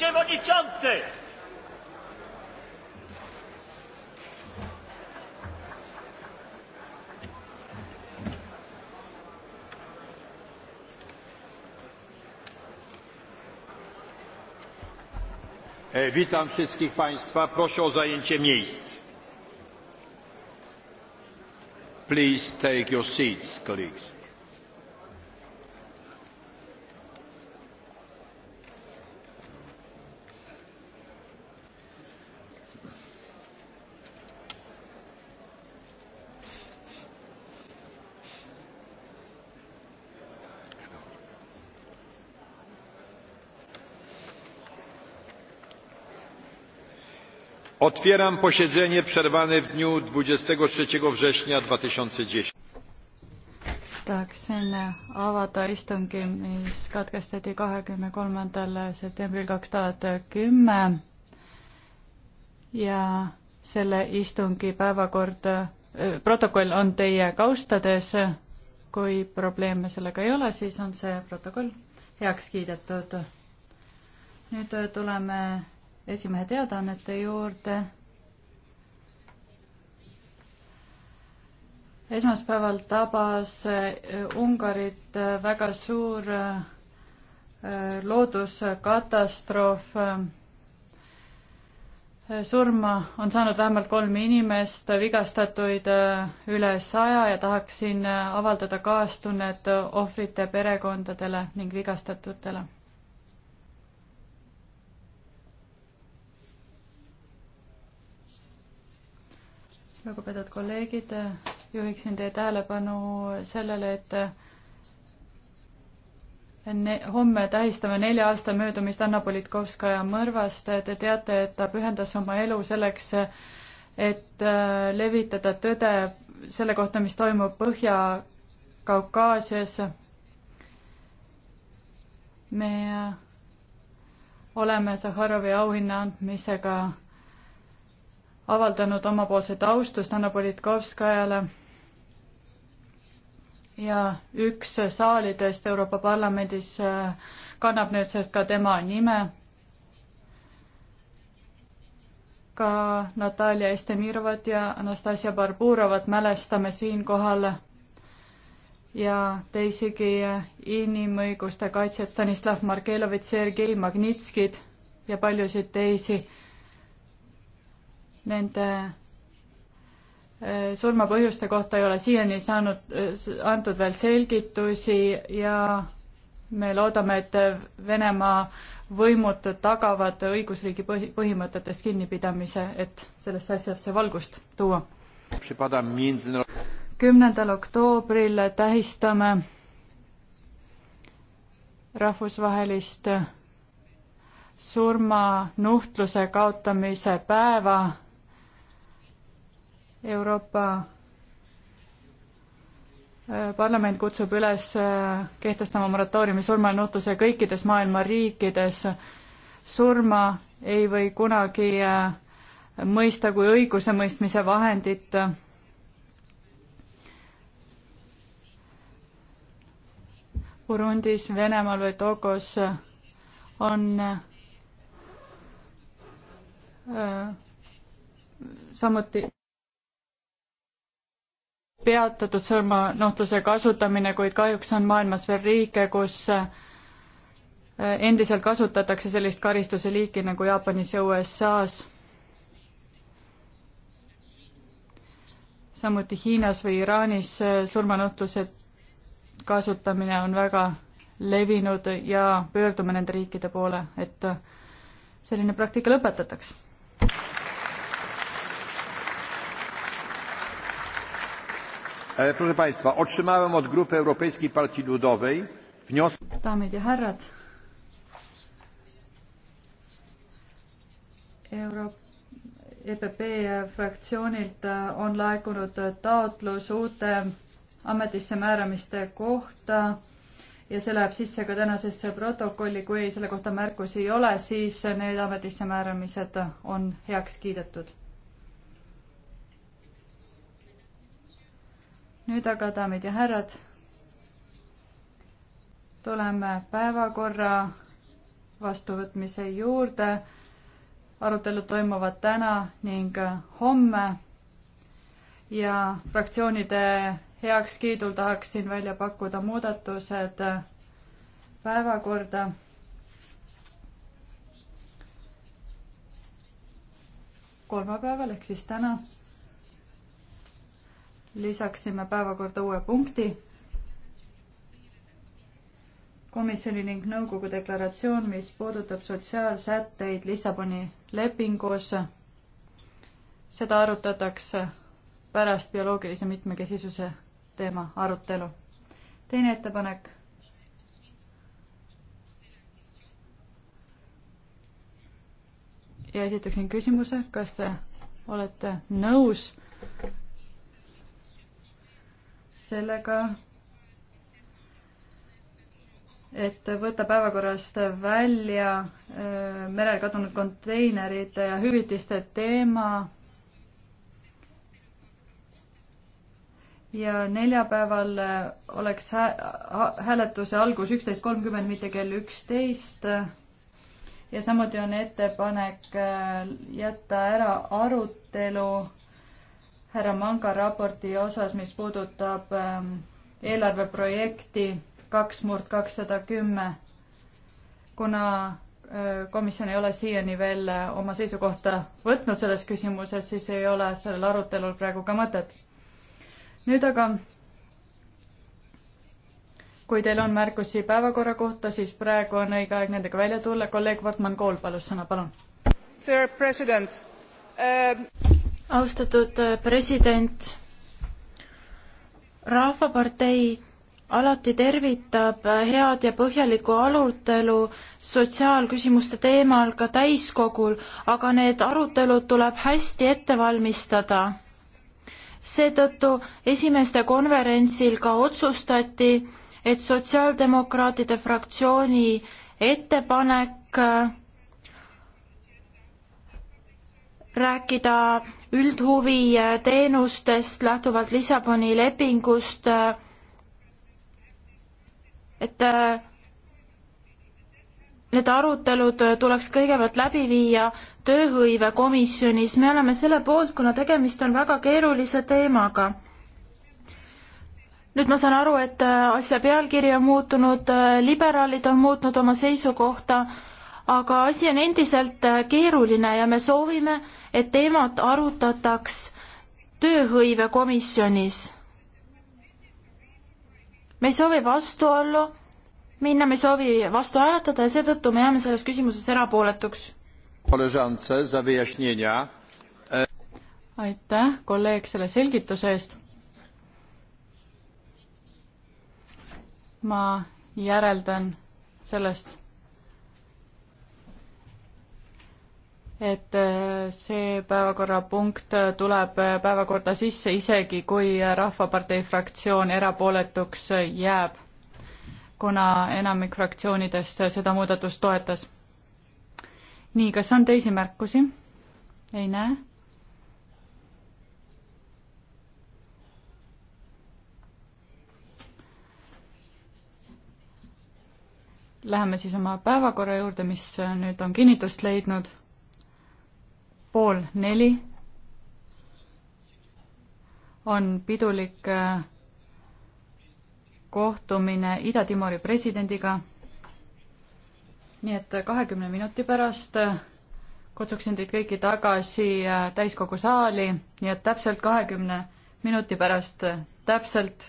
przewodniczący! E, witam wszystkich Państwa. Proszę o zajęcie miejsc. Please take your seats, colleagues. otwieram posiedzenie przerwane w dniu dwadzieścia trzy września dwa tysiące dziesięć tahaksin avada istungi, mis katkestati kahekümne kolmandal septembril kaks tuhat kümme ja selle istungi päevakord, äh, protokoll on teie kaustades. kui probleeme sellega ei ole, siis on see protokoll heaks kiidetud. nüüd äh, tuleme esimehe teadaannete juurde. esmaspäeval tabas eh, Ungarit eh, väga suur eh, looduskatastroof. surma on saanud vähemalt kolm inimest, vigastatuid üle saja ja tahaksin avaldada kaastunnet ohvrite perekondadele ning vigastatutele lugupeetud kolleegid, juhiksin teie tähelepanu sellele, et enne, homme tähistame nelja aasta möödumist Anna Politkovskaja mõrvast. Te teate, et ta pühendas oma elu selleks, et äh, levitada tõde selle kohta, mis toimub Põhja-Kaukaasias. me äh, oleme Sahharovi auhinna andmisega avaldanud omapoolset austust Anna Politkovskajale ja üks saalidest Euroopa Parlamendis äh, kannab nüüd sellest ka tema nime. ka Natalja Estemirovat ja Anastasia Barburovat mälestame siinkohal ja teisigi inimõiguste kaitsjad Stanislav Markelovit, Sergei Magnitskid ja paljusid teisi nende äh, surmapõhjuste kohta ei ole siiani saanud, äh, antud veel selgitusi ja me loodame, et Venemaa võimud tagavad õigusriigi põhi, põhimõtetest kinnipidamise, et sellesse asjasse valgust tuua. kümnendal oktoobril tähistame rahvusvahelist surmanuhtluse kaotamise päeva Euroopa äh, parlament kutsub üles äh, kehtestama moratooriumi surmanutuse kõikides maailma riikides. surma ei või kunagi äh, mõista kui õigusemõistmise vahendit. Burundis, Venemaal või Togos on samuti peatatud surmanuhtluse kasutamine, kuid kahjuks on maailmas veel riike, kus eh, endiselt kasutatakse sellist karistuse liiki nagu Jaapanis ja USA-s. samuti Hiinas või Iraanis eh, surmanuhtluse kasutamine on väga levinud ja pöördume nende riikide poole, et eh, selline praktika lõpetataks E, proszę państwa otrzymałem od grupy europejskiej partii ludowej wniosek EPP e fraktsioonilt äh, on laekunud taotlus uute ametisse määramiste kohta ja see läheb sisse ka tänasesse protokolli, kui selle kohta märkusi ei ole, siis need ametisse määramised on heaks kiidetud nüüd aga, daamid ja härrad, tuleme päevakorra vastuvõtmise juurde. arutelud toimuvad täna ning homme ja fraktsioonide heakskiidul tahaksin välja pakkuda muudatused päevakorda. kolmapäeval ehk siis täna lisaksime päevakorda uue punkti. komisjoni ning nõukogu deklaratsioon, mis puudutab sotsiaalsätteid Lissaboni lepingus. seda arutatakse pärast bioloogilise mitmekesisuse teema arutelu. teine ettepanek. ja esitaksin küsimuse, kas te olete nõus sellega, et võtta päevakorrast välja merel kadunud konteinerite ja hüvitiste teema. ja neljapäeval oleks hääletuse algus üksteist kolmkümmend, mitte kell üksteist. ja samuti on ettepanek jätta ära arutelu härra Manga raporti osas, mis puudutab ähm, eelarveprojekti kaks murd kakssada kümme. kuna äh, komisjon ei ole siiani veel äh, oma seisukohta võtnud selles küsimuses, siis ei ole sellel arutelul praegu ka mõtet. nüüd aga kui teil on märkusi päevakorra kohta, siis praegu on õige aeg nendega välja tulla. kolleeg Wortmann Kool palus sõna, palun. Dear president uh... Ähm austatud äh, president, Rahvapartei alati tervitab äh, head ja põhjalikku arutelu sotsiaalküsimuste teemal ka täiskogul, aga need arutelud tuleb hästi ette valmistada. seetõttu esimeste konverentsil ka otsustati, et sotsiaaldemokraatide fraktsiooni ettepanek äh, rääkida üldhuvi äh, teenustest lähtuvalt Lissaboni lepingust, äh, et äh, need arutelud tuleks kõigepealt läbi viia tööhõivekomisjonis, me oleme selle poolt, kuna tegemist on väga keerulise teemaga. nüüd ma saan aru, et asja pealkiri on muutunud, liberaalid on muutnud oma seisukohta, aga asi on endiselt äh, keeruline ja me soovime, et teemat arutataks tööhõivekomisjonis. me ei soovi vastuollu minna, me ei soovi vastu hääletada ja seetõttu me jääme selles küsimuses erapooletuks. aitäh, kolleeg, selle selgituse eest. ma järeldan sellest et äh, see päevakorrapunkt tuleb päevakorda sisse, isegi kui Rahvapartei fraktsioon erapooletuks jääb, kuna enamik fraktsioonidest seda muudatust toetas. nii, kas on teisi märkusi? ei näe. Läheme siis oma päevakorra juurde, mis nüüd on kinnitust leidnud pool neli on pidulik äh, kohtumine Ida-Timori presidendiga. nii et äh, kahekümne minuti pärast äh, kutsuksin teid kõiki tagasi täiskogu saali, nii et täpselt kahekümne minuti pärast, täpselt